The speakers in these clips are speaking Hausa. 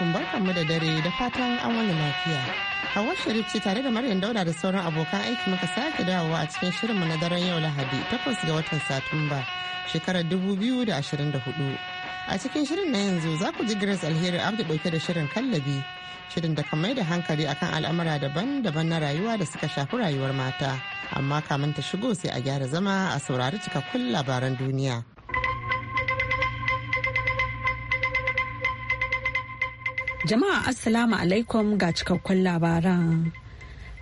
alaikum barkanmu da dare da fatan an wani lafiya. Hawa Sharif ce tare da Maryam Dauda da sauran abokan aiki muka sake dawowa a cikin shirinmu na daren yau Lahadi takwas ga watan Satumba shekarar da da ashirin hudu. A cikin shirin na yanzu za ku ji Grace Alheri Abdu dauke da shirin kallabi shirin da kan mai da hankali akan al'amura daban-daban na rayuwa da suka shafi rayuwar mata. Amma kamin ta shigo sai a gyara zama a saurari cikakkun labaran duniya. Jama'a Assalamu alaikum ga cikakkun labaran.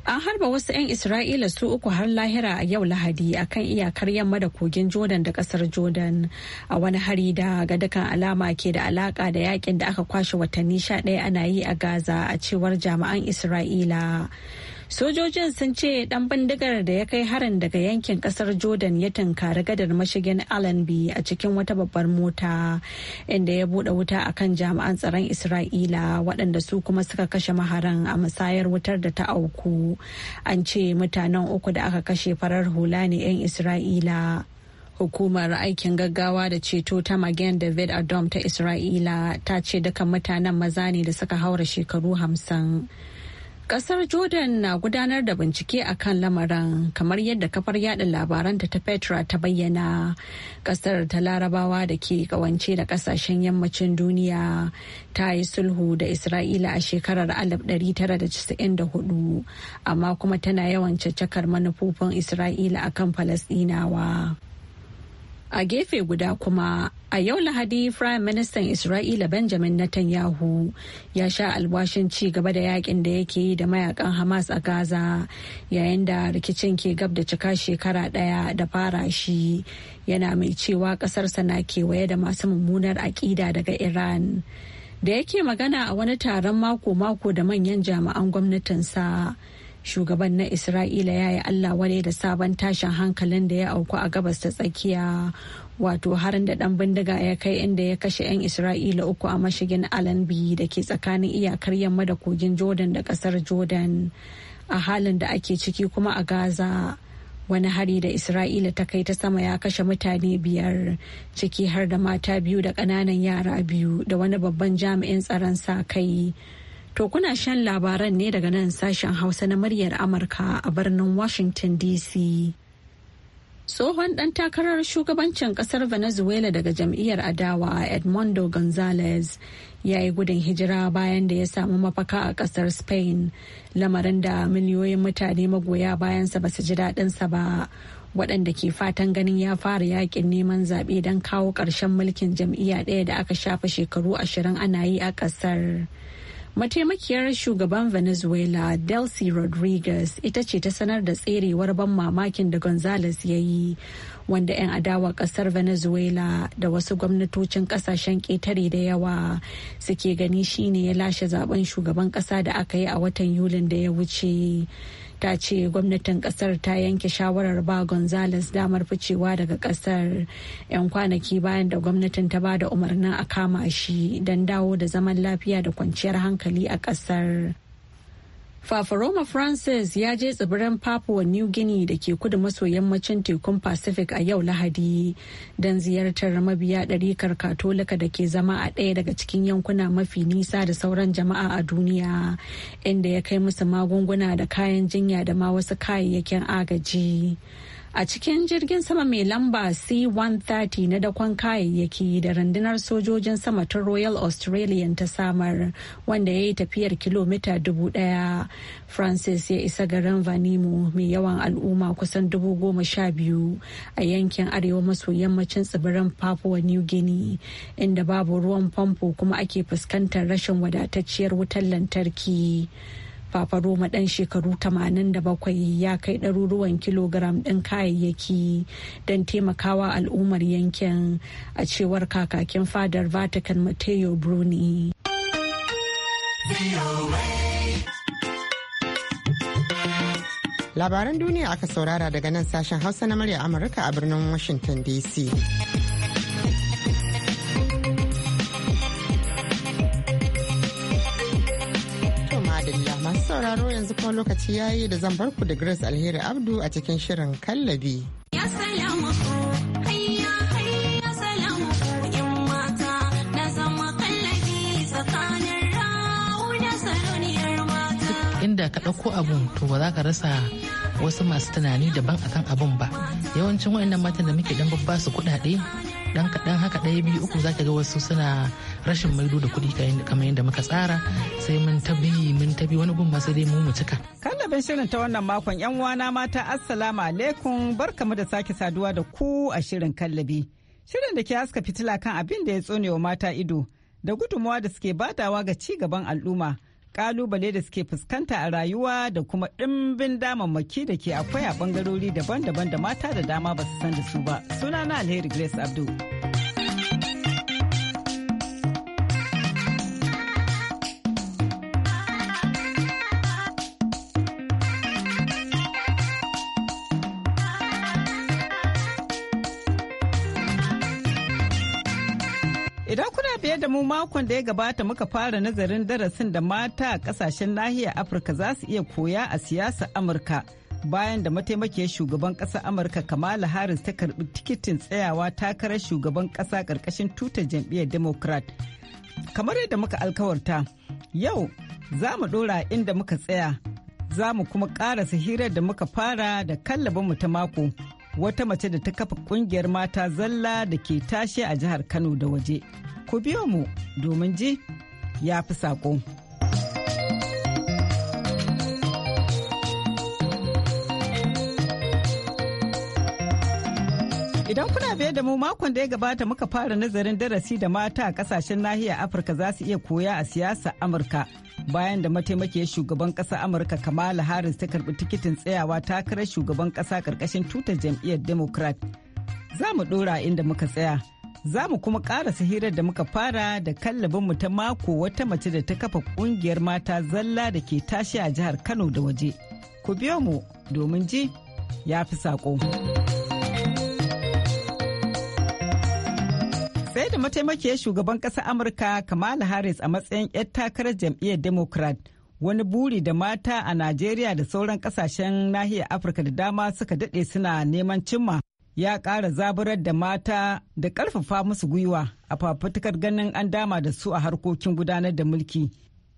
An harba wasu 'yan Isra'ila su uku har lahira a yau Lahadi a kan iyakar yamma da kogin Jordan da kasar Jordan a wani hari da ga dukan alama ke da alaka da yakin da aka kwashe watanni sha 11 ana yi a Gaza a cewar jama'an Isra'ila. sojojin sun ce dan bindigar da ya kai harin daga yankin kasar jordan ya tunkari gadar mashigin allenby a cikin wata babbar mota inda ya bude wuta akan jami'an tsaron isra'ila waɗanda su kuma suka kashe maharan a musayar wutar da ta auku an ce mutanen uku da aka kashe farar hula ne 'yan isra'ila hukumar aikin gaggawa da ceto ta magen david adom ta isra'ila ta ce duka mutanen maza ne da suka haura shekaru hamsin Ƙasar Jordan na gudanar da bincike a kan lamarin kamar yadda kafar yada labaranta ta Petra ta bayyana Ƙasar ta larabawa da ke ƙawance da ƙasashen yammacin duniya ta yi sulhu da Isra'ila a shekarar 1994 amma kuma tana yawan caccakar manufofin Isra'ila a kan Falasɗinawa. A gefe guda kuma a yau Lahadi Prime Minister Isra'ila Benjamin Netanyahu ya sha alwashin ci gaba da yakin da yake yi da mayakan Hamas a Gaza yayin da rikicin ke gab da cika shekara daya da fara shi yana mai cewa ƙasarsa na kewaye da masu mummunar aƙida daga Iran. Da yake magana a wani taron mako-mako da manyan jami'an gwamnatinsa. shugaban na isra'ila ya yi allah wadai da sabon tashin hankalin da ya auku a gabas ta tsakiya wato harin da dan bindiga ya kai inda ya kashe 'yan isra'ila uku a mashigin alanbi da ke tsakanin iyakar yamma da kogin jordan da kasar jordan a halin da ake ciki kuma a gaza wani hari da isra'ila ta kai ta sama ya kashe mutane biyar ciki har da mata biyu da ƙananan yara biyu da wani babban jami'in tsaron sa kai To kuna shan labaran ne daga nan sashen Hausa na muryar Amurka a birnin Washington DC. Tsohon ɗan takarar shugabancin ƙasar Venezuela daga jam'iyyar adawa Edmundo Gonzalez ya yi gudun hijira bayan da ya samu mafaka a ƙasar Spain, lamarin da miliyoyin mutane magoya bayansa ba su ji daɗinsa ba, waɗanda ke fatan ganin ya fara yaƙin neman zaɓe don kawo ƙarshen mulkin jam'iyya ɗaya da aka shafa shekaru ashirin ana yi a ƙasar. Mataimakiyar shugaban Venezuela Delcy Rodriguez ita ce ta sanar da tserewar ban mamakin da Gonzales ya yi wanda 'yan adawa kasar venezuela da wasu gwamnatocin kasashen ketare da yawa suke gani shine ya lashe zaben shugaban kasa da aka yi a watan yulin da ya wuce ta ce gwamnatin kasar ta yanke shawarar ba gonzales damar ficewa daga kasar 'yan kwanaki bayan da gwamnatin ta ba da umarnin a kama shi don dawo da zaman lafiya da kwanciyar hankali a kasar Fafaroma Francis ya je tsibirin Papua New Guinea da ke kudu maso yammacin tekun Pacific a yau Lahadi don ziyartar mabiya ɗarikar Katolika da ke zama a ɗaya daga cikin yankuna mafi nisa da sauran jama'a a duniya, inda ya kai musu magunguna da kayan jinya da ma wasu kayayyakin agaji. a cikin jirgin sama mai lamba c-130 na dakon kayayyaki da rundunar sojojin sama ta royal australian ta samar wanda ya yi tafiyar kilomita dubu daya francis ya isa garin vanimo mai yawan al'umma kusan dubu goma sha biyu a yankin arewa maso yammacin tsibirin papua new guinea inda babu ruwan famfo kuma ake fuskantar rashin wadatacciyar wutar lantarki. fafaroma ɗan shekaru 87 ya kai ɗaruruwan kilogram ɗin kayayyaki don taimakawa al'ummar yankin a cewar kakakin fadar vatican mateo bruni labaran duniya aka saurara daga nan sashen hausa na murya amurka a birnin washington dc sauraro yanzu kuma lokaci yayi da zan barku da Grace Alheri Abdu a cikin shirin kallabi. Ya inda ka ɗauko abun to ba za ka rasa wasu masu tunani daban akan abun ba yawancin waɗannan matan da muke dan babba su kuɗaɗe dan kaɗan haka ɗaya biyu uku za ka ga wasu suna rashin maido da kuɗi kamar yadda muka tsara sai mun tabi mun tabi wani gun sai dai mu mu cika. kallabin shirin ta wannan makon yan wana mata assalamu alaikum barkamu da sake saduwa da ku a shirin kallabi shirin da ke haska fitila kan abin da ya tsone wa mata ido da gudunmawa da suke badawa ga ci gaban al'umma kalubale da suke fuskanta a rayuwa da kuma ɗimbin damammaki da ke akwai a bangarori daban-daban da mata da dama ba su san da su ba sunana alheri grace abdul tare mu makon da ya gabata muka fara nazarin darasin da mata a kasashen nahiyar Afirka za su iya koya a siyasar Amurka bayan da mataimakiyar shugaban ƙasar Amurka Kamala Harris ta karbi tikitin tsayawa takarar shugaban kasa karkashin tutar jam'iyyar Democrat. Kamar yadda muka alkawarta, yau za mu ɗora inda muka tsaya, za mu kuma ƙarasa hirar da muka fara da kallabinmu ta mako. wata mace da ta kafa kungiyar mata zalla da ke tashe a jihar Kano da waje. ku biyo mu domin ji ya fi saƙo. Idan kuna biye da mu makon da ya gabata muka fara nazarin darasi da mata a kasashen nahiyar Afirka za su iya koya a siyasa Amurka. Bayan da mataimakiyar shugaban ƙasa Amurka Kamala Harris ta karbi tikitin tsayawa takarar shugaban ƙasa ƙarƙashin tutar jam'iyyar Democrat. Za mu ɗora inda muka tsaya. Za mu kuma ƙarasa hirar da muka fara da kallabinmu ta mako wata mace da ta kafa ƙungiyar mata zalla da ke tashi a jihar Kano da waje. Ku biyo mu domin ji ya fi saƙo. Sai da mataimakiyar shugaban ƙasar Amurka Kamala Harris a matsayin 'yar takarar jam'iyyar Democrat. wani buri da mata a Najeriya da sauran kasashen nahiyar Afirka da dama suka daɗe suna neman cimma ya ƙara zaburar da mata da ƙarfafa musu gwiwa a fafutukar ganin an dama da su a harkokin gudanar da mulki.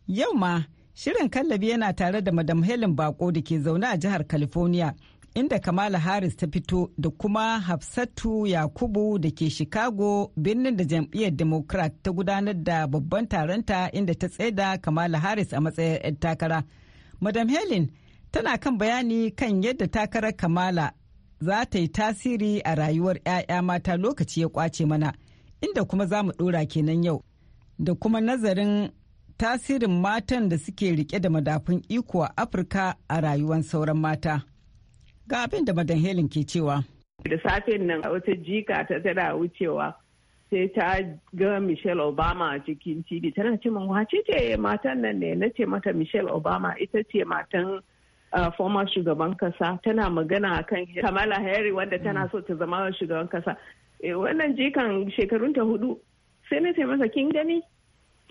Yau ma, shirin kallabi yana tare da Madam Helen Bako da ke zaune a jihar California, inda Kamala Harris ta fito da kuma Hafsatu Yakubu da ke Chicago birnin da jam'iyyar Democrat ta gudanar da babban taronta inda ta tsaida Kamala Harris a matsayin 'yan takara. Madam Helen tana kan bayani kan yadda takarar Kamala za ta yi tasiri a rayuwar 'ya'ya mata lokaci ya kwace mana inda kuma za mu ɗora kenan yau da kuma nazarin tasirin matan da suke rike da madafun iko a afirka a rayuwar sauran mata ga abin da madan helen ke cewa da safen nan a wata jika ta tana wucewa sai ta ga michelle obama a cikin tv tana ce min wace ce matan nan ne na ce mata michelle obama ita ce matan uh, former shugaban kasa tana magana kan kamala harry wanda tana mm. so ta zama shugaban kasa e, wannan jikan shekarun ta hudu sai na masa kin gani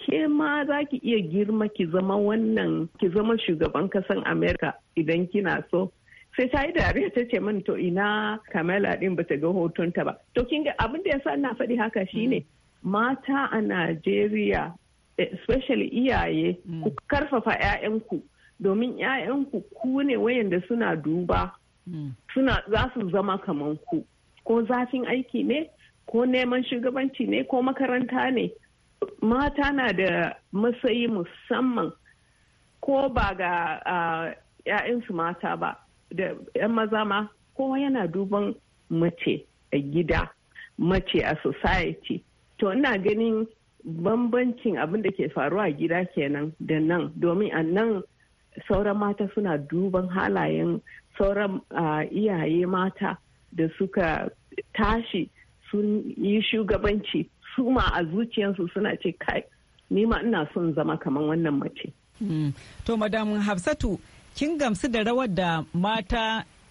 ke ma za ki iya girma ki zama wannan ki zama shugaban kasan america idan kina so sai ta yi dariya ta ce min to ina kamala din bata ga hoton ta ba to kin ga abin da yasa ina faɗi haka mm. shine mata a najeriya especially iyaye ku mm. karfafa 'ya'yanku domin 'ya'yanku ku ne wayanda suna duba hmm. suna za su zama kaman ku ko zafin aiki ne ko neman shugabanci ne ko makaranta ne mata na da matsayi musamman ko ba ga ‘ya'yansu mata ba da ‘yan maza ma kowa yana duban mace a gida mace a society to ina ganin bambancin abin da ke faruwa a gida kenan da nan domin a nan sauran mata suna duban halayen sauran iyaye mata da suka tashi sun yi shugabanci su ma a zuciyarsu suna ce kai ma ina son zama kamar wannan mace. Hmm. To madam Hafsatu kin gamsu da rawar da mata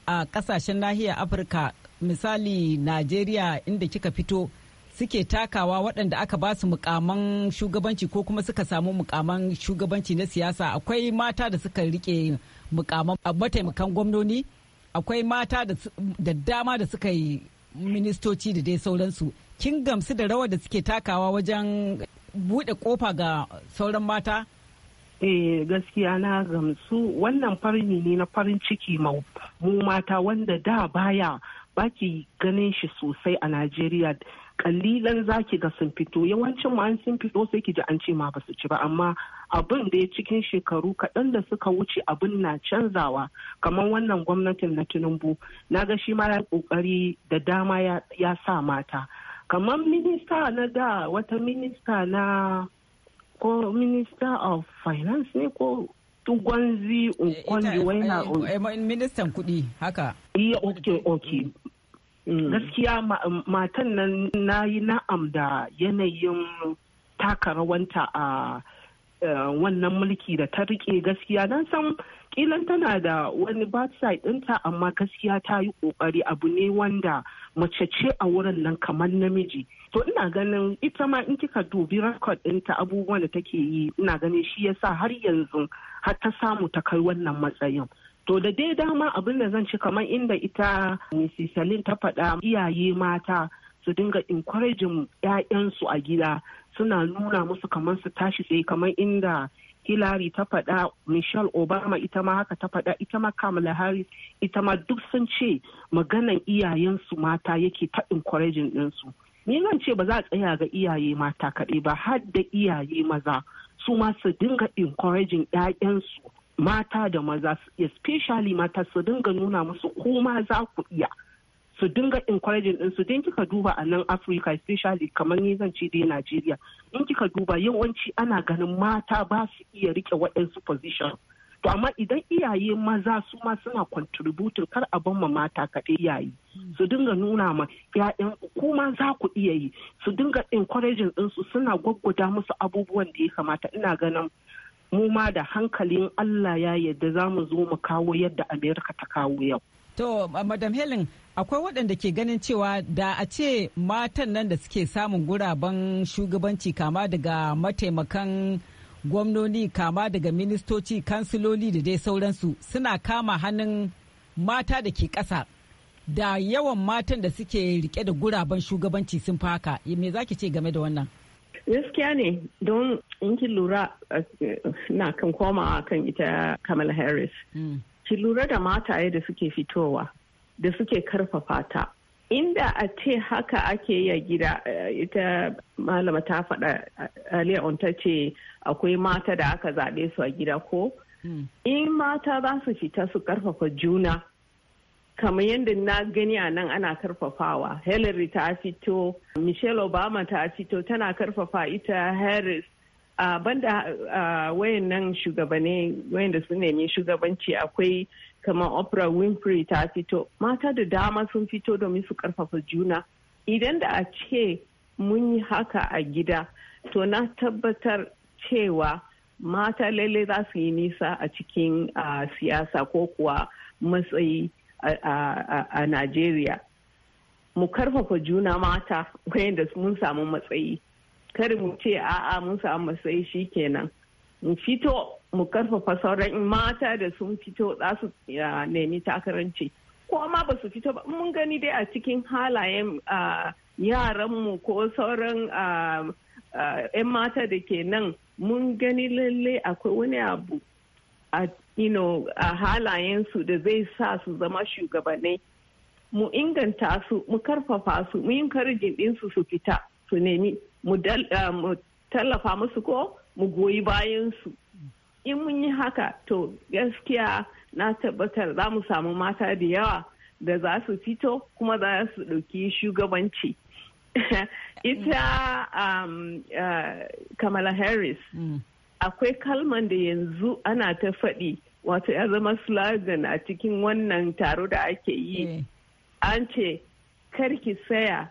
a kasashen nahiyar Afirka misali Najeriya inda kika fito suke takawa waɗanda aka ba su mukaman shugabanci ko kuma suka samu mukaman shugabanci na siyasa akwai mata da suka rike mukaman mataimakan gwamnoni akwai mata da dama da suka yi ministoci da dai sauransu kin gamsu da rawar da suke takawa wajen buɗe kofa ga sauran mata eh gaskiya na gamsu wannan farni ne na farin ciki mu mata wanda da baya baki ganin shi sosai a najeriya kalilan zaki ga sun fito yawancin ma an sun fito sai ki ji an ce ma basu ci ba amma abin da ya cikin shekaru kaɗan da suka wuce abin na canzawa kamar wannan gwamnatin na tinubu na ga shi ma ya kokari da dama ya sa mata kamar minista na da wata minista na ko minister of finance ne ko tugwanzi unkwanzi eh, waina eh, eh, ministan kudi haka iya ok ok Mm. gaskiya um, matan nan na yi na'am da yanayin taka rawanta a uh, wannan mulki da ta rike gaskiya don san kilan tana da wani bad side ɗinta amma gaskiya ta yi ƙoƙari abu ne wanda mace ce a wurin nan kamar namiji to ina ganin ita ma in kika dubi record dinta abubuwan da take yi ina ganin shi yasa har yanzu har ta samu ta kai wannan matsayin To da dai dama abin da zan ci kamar inda ita Mrs. Salim ta faɗa iyaye mata su dinga encouraging 'ya'yansu a gida suna nuna musu kamar su tashi tsaye kamar inda Hillary ta faɗa Michelle Obama ita ma haka ta faɗa ita ma Kamala Harris ita ma duk sun ce maganan iyayensu mata yake ta encouraging ɗinsu. Ni zan ce ba za a tsaya ga iyaye mata kaɗai ba har da iyaye maza su ma su dinga encouraging 'ya'yansu mata da maza especially mata su dinga nuna musu koma za ku iya su dinga encouraging din su din kika duba a nan Africa especially kamar ni zan ce dai nigeria in kika duba yawanci ana ganin mata ba su iya rike waɗansu position to amma idan iyaye maza su ma suna contributing kar a ban ma mata kaɗai yayi su dinga nuna ma ya'yan kuma za ku iya yi su dinga encouraging din su suna gwaggwada musu abubuwan da ya kamata ina ganin mu ma da hankalin Allah ya yadda za mu zo mu kawo yadda Amerika ta kawo yau. To, Madam Helen, akwai waɗanda ke ganin cewa da a ce matan nan da suke samun guraben shugabanci kama daga mataimakan gwamnoni kama daga ministoci, kansiloli da dai sauransu suna kama hannun mata da ke ƙasa. Da yawan matan da suke rike da guraben shugabanci sun fi haka, me za ki ce game da wannan? gaskiya ne don in ki lura eh, na kan komawa kan ita kamala harris hmm. ki lura da mataye da suke fitowa da suke karfafa ta inda a ce haka ake yi gida eh, ita malama ta faɗa eh, aliyu ta ce akwai mata da aka zaɓe su a gida ko hmm. in mata za su fita su karfafa juna kamar yadda na gani a nan ana karfafawa hillary ta fito michelle obama ta fito tana karfafa ita harris A banda wayan nan shugabane wayan da sun nemi shugabanci akwai kamar oprah winfrey ta fito mata da dama sun fito domin su karfafa juna idan da a ce mun yi haka a gida to na tabbatar cewa mata lalle za su yi nisa a cikin siyasa ko kuwa matsayi a Najeriya. Mu karfafa juna mata wayanda mun samu matsayi. Kar mu ce a'a mun samu matsayi shi kenan. Mu fito mu karfafa sauran mata da sun fito za su nemi takaranci. Ko ma ba su fito ba mun gani dai a cikin halayen yaranmu ko sauran 'yan mata da ke nan mun gani lalle akwai wani abu you know, a halayensu da zai sa su zama shugabanni mu inganta su mu karfafa su mu yin karjin ɗinsu su fita su nemi mu tallafa musu ko mu goyi bayan su in mun yi haka to gaskiya na tabbatar za mu samu mata da yawa da za su fito kuma za su ɗauki shugabanci ita um, uh, kamala harris mm. akwai kalman da yanzu ana ta faɗi wato ya zama slogan a cikin wannan taro da ake yi eh. an ce karki saya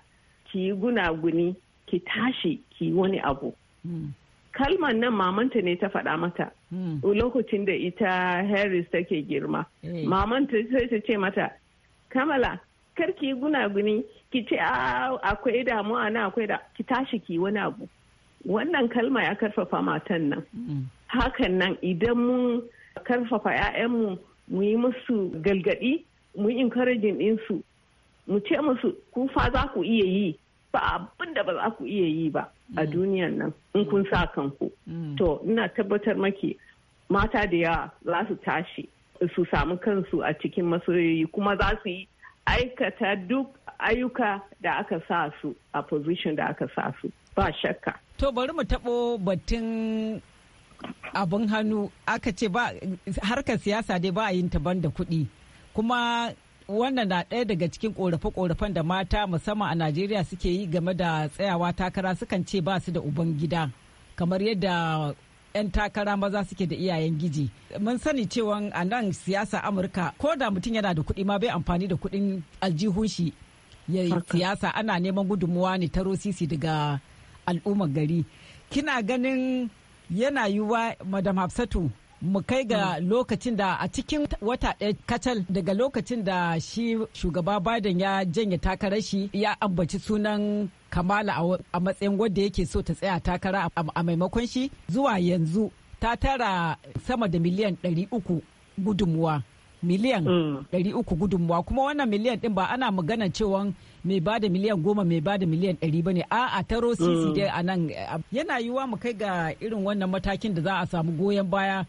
ki yi gunaguni ki tashi ki wani abu hmm. kalman nan mamanta ne ta faɗa mata hmm. lokacin da ita harris take girma eh. mamanta sai ta ce mata kamala karki yi gunaguni ki ce akwai damuwa na akwai da ki tashi ki wani abu wannan kalma ya karfafa matan nan hakan nan idan mun karfafa 'ya'yanmu mu yi musu galgadi mu yi encouraging ɗinsu mu ce musu ku fa za ku iya yi ba abin da ba za ku iya yi ba a mm. duniyan nan in kun sa kanku mm. to ina tabbatar maki mata da yawa za su tashi su samu kansu a cikin masoyoyi kuma za su yi aikata duk ayyuka da aka sa su a position da aka sa su ba shakka to bari mu taɓo batun abin hannu aka ce ba harkar siyasa dai ba a yin taban da kuɗi kuma wannan na ɗaya daga cikin ƙorafe-ƙorafen da mata musamman a najeriya suke yi game da tsayawa takara sukan ce ba su da uban gida kamar yadda 'yan takara maza suke da iyayen giji mun sani cewa a nan siyasa amurka ko da mutum yana da kuɗi ma bai amfani da kuɗin aljihun shi ya siyasa ana neman gudunmuwa ne ta rosisi daga al'ummar gari kina ganin yana yiwuwa madam hafsatu mu kai ga mm. lokacin da a cikin wata ɗaya kacal daga lokacin da shi shugaba Biden ya janye takarar shi ya ambaci sunan Kamala a matsayin wadda yake so ta tsaya takara a maimakon shi zuwa yanzu ta tara sama da miliyan 300 gudunmuwa. miliyan 300 mm. uku gudunmuwa kuma wannan miliyan din ba ana magana cewa mai ba da miliyan goma mai ba da miliyan ɗari ba ne a'a taro mm. sisi dai a nan eh, yana yiwuwa mu kai ga irin wannan matakin da za a samu goyon baya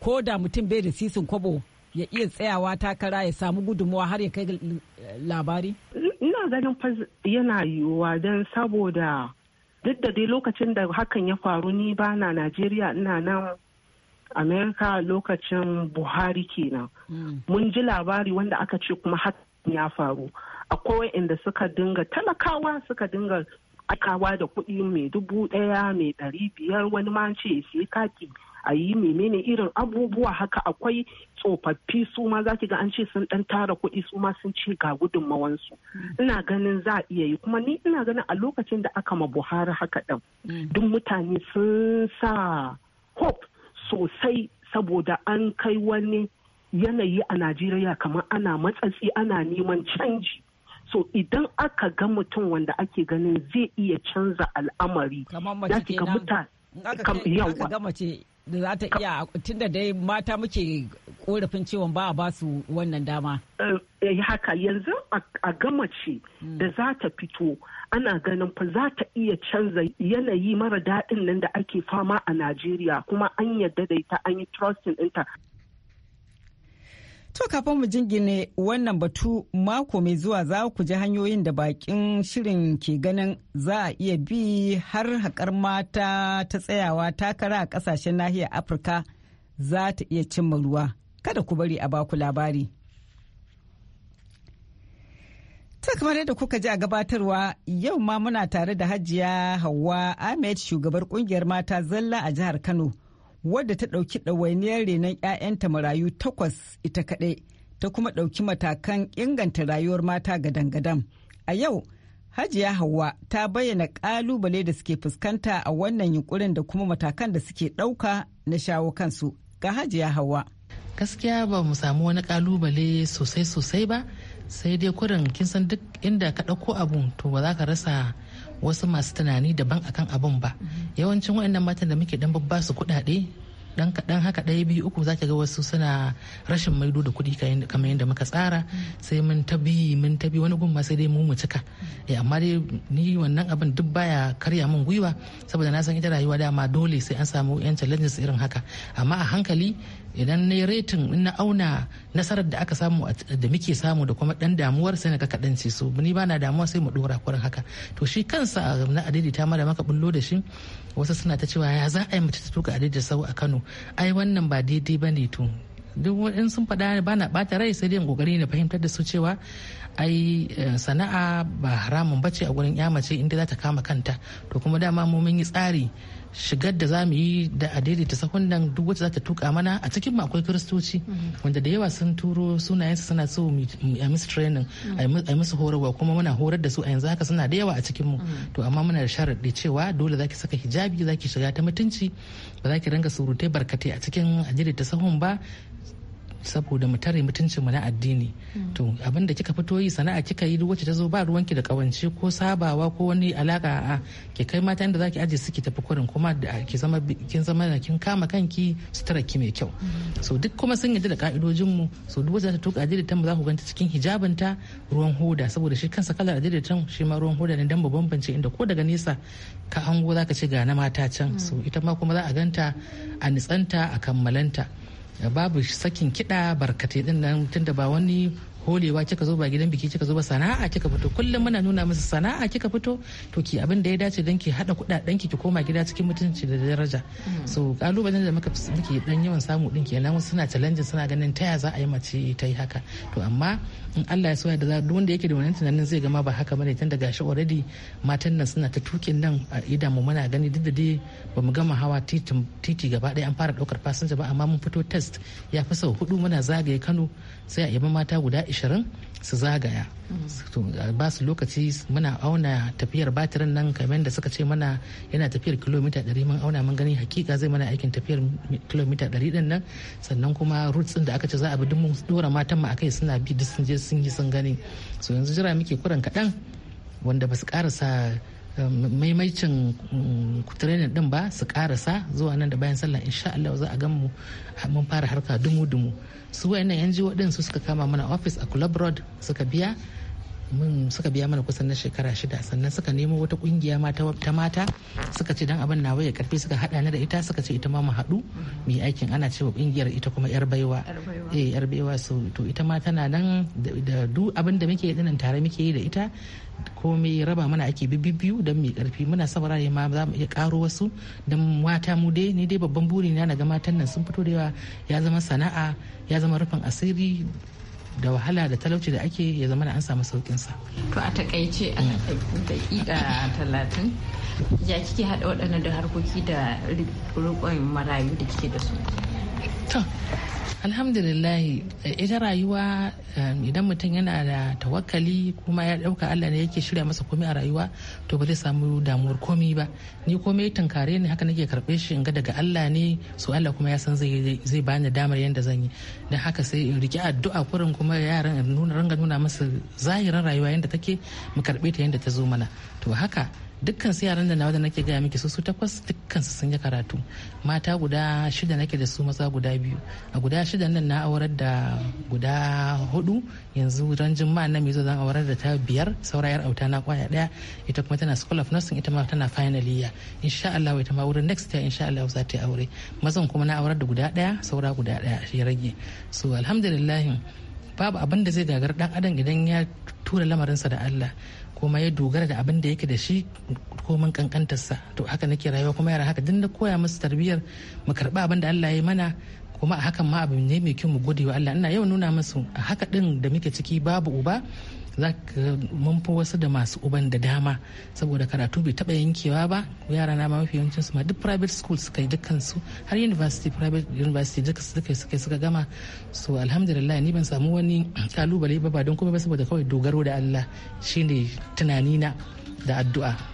ko da mutum bai da sisin kwabo ya iya tsayawa takara ya samu gudunmuwa har ya kai eh, labari? Ina ganin fa yana yiwuwa don saboda duk da dai lokacin da hakan ya faru ni bana Najeriya ina nan amerika lokacin buhari kenan hmm. mun ji labari wanda aka ce kuma hakan ya faru akwai wa'inda suka dinga talakawa suka dinga aikawa da kuɗi mai dubu ɗaya mai ɗari biyar wani ma ce sai kaki a yi menene irin abubuwa haka akwai tsofaffi su ma za ki ga an ce sun ɗan tara kuɗi su ma sun ce ga gudunmawansu hmm. ina ganin za a iya yi kuma ni ina ganin a lokacin da aka ma buhari haka ɗin hmm. duk mutane sun sa hope sosai saboda an kai wani yanayi a najeriya kamar ana matsatsi ana neman canji so idan aka ga mutum wanda ake ganin zai iya canza al'amari za ta iya tunda dai mata muke korafin cewa ba a basu wannan dama eh, yi eh, haka yanzu a gama ce da za ta fito ana ganin fa za ta iya canza yanayi mara daɗin nan da ake fama a najeriya kuma an yarda da ita an yi trusting ɗinta To kafin mu jingine wannan batu mako mai zuwa za ku ji hanyoyin da bakin shirin ke ganin za a iya bi har haƙar mata ta tsayawa takara a ƙasashen nahiyar Afirka za ta iya cimma ruwa. Kada ku bari a baku labari. Ta kamar yadda kuka ji a gabatarwa yau ma muna tare da hajiya Hauwa Ahmed shugabar kungiyar mata zalla a jihar Kano wadda ta ɗauki ɗawainiyar renon 'ya'yanta marayu takwas ita kaɗai ta kuma ɗauki matakan inganta rayuwar mata gadan-gadan. A yau Hajiya Hauwa ta bayyana ƙalubale da suke fuskanta a wannan yunkurin da kuma matakan da suke ɗauka na shawo kansu ga Hajiya Hauwa. Gaskiya ba mu samu wani ƙalubale sosai-sosai ba. sai dai kurin kin san duk inda ka ɗauko abu to ba za ka rasa wasu masu tunani daban akan abun ba yawancin waɗannan matan da muke dan babba su kuɗaɗe dan kaɗan haka ɗaya biyu uku zaki ga wasu suna rashin maido da kuɗi kamar yadda muka tsara sai mun ta bi mun ta bi wani gun ma sai dai mu mu cika eh amma dai ni wannan abin duk baya karya min gwiwa saboda na san ita rayuwa dama dole sai an samu yan challenges irin haka amma a hankali idan na yi retin na auna nasarar da aka samu da muke samu da kuma dan damuwar sai naga kaɗan ce so ni ba na damuwa sai mu dora kurin haka to shi kansa na adidi ta da maka bullo da shi wasu suna ta cewa ya za a yi mace ta tuka adaidaita sau a Kano ai wannan ba daidai ba ne to duk in sun faɗa ba na ɓata rai sai dai kokari na fahimtar da su cewa ai eh, sana'a ba haramun bace a gurin mace inda za ta kama kanta to kuma dama mu mun yi tsari shigar da za mu yi da a daidaita sakundan duk wacce za ta tuka mana a cikin mu akwai kiristoci wanda da yawa sun turo sunayensu suna so a musu training a musu horarwa kuma muna horar da su a yanzu haka suna da yawa a cikin mu to amma muna da sharaɗi cewa dole zaki saka hijabi zaki ki shiga ta mutunci ba za ki ringa surutai barkatai a cikin a daidaita sahun ba saboda mu tare mutuncin mu na addini hmm. to abin da kika fito yi sana'a kika yi wacce ta zo ba ki da kawance ko sabawa ko wani alaka a ke kai mata inda zaki aje su ki tafi kurin kuma ki zama kin zama kin kama kanki sutura ki mai kyau hmm. so duk kuma sun yadda da ka'idojin mu so duk wacce ta tuka ajiditan mu za ku ganta cikin ta ruwan hoda saboda shi kansa kalar ajiditan shi ma ruwan hoda ne dan mu bambance inda ko daga nesa ka hango zaka ci ga na mata can hmm. so ita ma kuma za a ganta a nitsanta a kammalanta babu sakin kiɗa barkatai din nan da ba wani kolewa kika zo ba gidan biki kika zo ba sana'a kika fito kullum muna nuna musu sana'a kika fito to ki abin da ya dace dan ki hada kudaden ki ki koma gida cikin mutunci da daraja mm. so kalubalen da muka muke dan yawan samu din ki wasu suna challenge suna ganin taya za a yi mace ta yi haka to amma in Allah ya so da duk wanda yake da wannan tunanin zai gama ba haka bane tun da gashi already matan nan suna ta tukin nan a idan mu muna gani duk da dai ba mu gama hawa titi gaba daya an fara daukar fasinja ba amma mun fito test ya fi sau hudu muna zagaye Kano sai a yaba mata guda ashirin su zagaya ba su lokaci muna auna tafiyar batirin nan kamar da suka ce mana yana tafiyar kilomita 100 mun auna mun gani hakika zai mana aikin tafiyar kilomita 100 din nan sannan kuma routes din da aka ce za a bi mun dora matan mu akai suna bi duk sun je sun yi sun gani so yanzu jira muke kuran kaɗan wanda ba su karasa maimaicin mm, ne din ba su karasa zuwa nan da bayan sallah insha Allah za a gan mu mun fara harka dumu-dumu su wayannan jiwo din su suka kama mana office a Club Road suka biya mun suka biya mana kusan na shekara shida sannan suka nemo wata kungiya ta mata suka ce dan abin na waya karfi suka hada ni da ita suka ce ita ma mu haɗu mu yi aikin ana cewa kungiyar ita kuma yar baiwa eh yar baiwa so to ita ma tana nan da duk abin da muke dinan tare muke yi da ita komai raba mana ake biyu don mai karfi muna sabara ne ma za mu iya karo wasu don mata mu dai ni dai babban buri na na ga matan nan sun fito da yawa ya zama sana'a ya zama rufin asiri da wahala da talauci da ake ya zama da an samu saukin sa to a takaice a mm. daƙiƙa talatin ya kike haɗa waɗannan da harkoki da rikon marayu da kike da su alhamdulillah ita rayuwa um, idan mutum yana da tawakkali kuma ya dauka allah ne yake shirya masa komai a rayuwa to ba zai samu damuwar komai ba ni komai ya tunkare ni haka nake karɓe shi in ga daga allah ne su allah kuma ya san zai bani damar yadda zan yi don haka sai in riki addu'a kurin kuma yaran in nuna ranga nuna masa zahirin rayuwa yadda take mu karbe ta yadda ta zo mana to haka dukkan su yaran da nawa da nake gaya miki su su takwas dukkan su sun yi karatu mata guda shida nake da su maza guda biyu a guda shida nan na aurar da guda hudu yanzu ran ma nan mai zo zan aurar da ta biyar saurayar auta na kwaya daya ita kuma tana school of nursing ita ma tana final year insha Allah ita ma wurin next year insha Allah za ta yi aure mazan kuma na aurar da guda daya saura guda daya shi rage so alhamdulillah babu abin da zai gagar dan adam idan ya tura lamarinsa da Allah kuma ya dogara da abin da yake da shi komin kankantarsa to haka nake rayuwa kuma yara haka dinda koya musu tarbiyyar mu karba abin da Allah ya yi mana kuma a hakan ma abu ne mai kyau mu gode wa Allah ina yau nuna musu a haka din da muke ciki babu uba za ka mun wasu da masu uban da dama saboda karatu bai taba yankewa ba yara na mafi yawancin su ma duk private school suka yi dukkan su har university private university duka suka suka suka gama so alhamdulillah ni ban samu wani kalubale ba ba don kuma ba saboda kawai dogaro da Allah shine tunani na da addu'a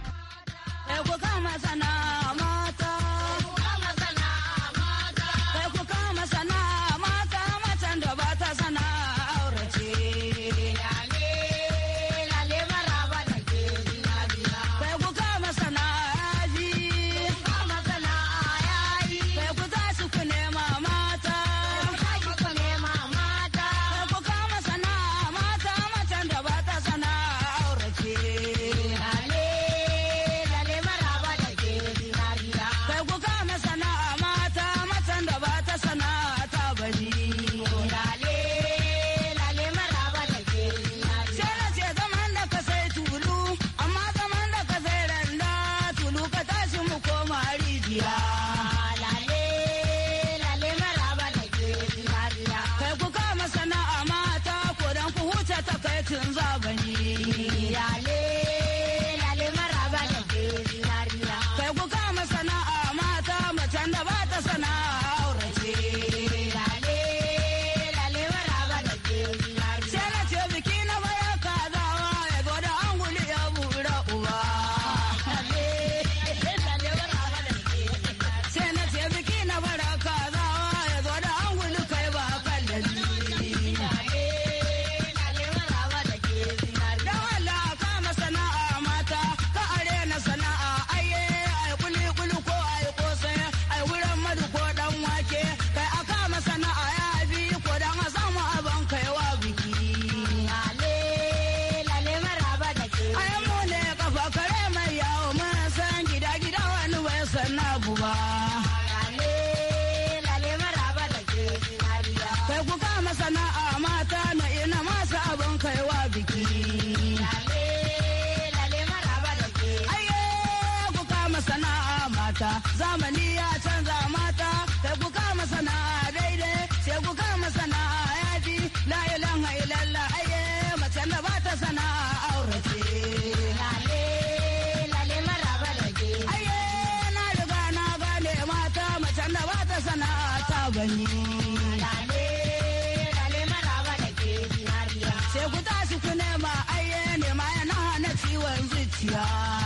fly.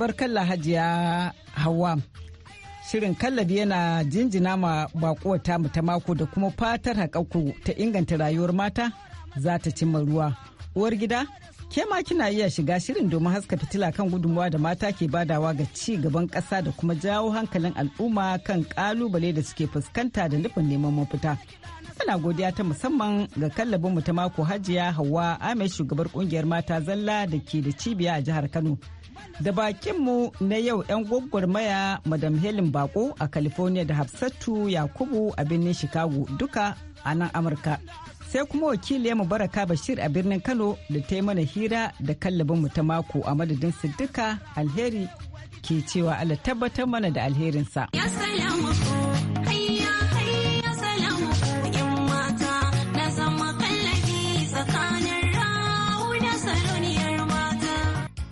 bar kalla hajiya hawa shirin kallabi yana jinjina ma bakuwar mu ta mako da kuma fatar haƙaƙo ta inganta rayuwar mata za ta cimma ruwa uwar gida ke ma kina iya shiga shirin domin haska fitila kan gudunmawa da mata ke badawa ga ci gaban ƙasa da kuma jawo hankalin al'umma kan ƙalubale da suke fuskanta da nufin neman mafita ana godiya ta musamman ga kallabin mu ta mako hajiya hawa ame shugabar kungiyar mata zalla da ke da cibiya a jihar kano Da bakinmu na yau 'yan maya Madam Helen Bako a California da Hafsatu Yakubu a birnin Chicago duka a nan Amurka. Sai kuma mu Baraka Bashir a birnin Kano da ta yi mana hira da kallabinmu ta mako a madadin duka alheri ke cewa Allah tabbatar mana da alherinsa.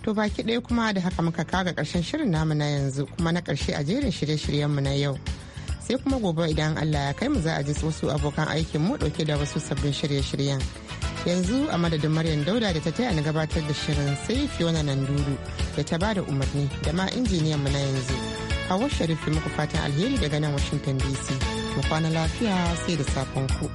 To baki ɗaya kuma da haka muka kaga ƙarshen shirin namu na yanzu kuma na ƙarshe a jerin shirye-shiryenmu na yau. Sai kuma gobe idan Allah ya kai mu za a ji wasu abokan aikin mu ɗauke da wasu sabbin shirye-shiryen. Yanzu a madadin Maryam Dauda da ta taya ni gabatar da shirin sai Fiona Nanduru da ta bada umarni da ma injiniyan mu na yanzu. Hawa Sharif muku fatan alheri daga nan Washington DC. Mu kwana lafiya sai da safen ku.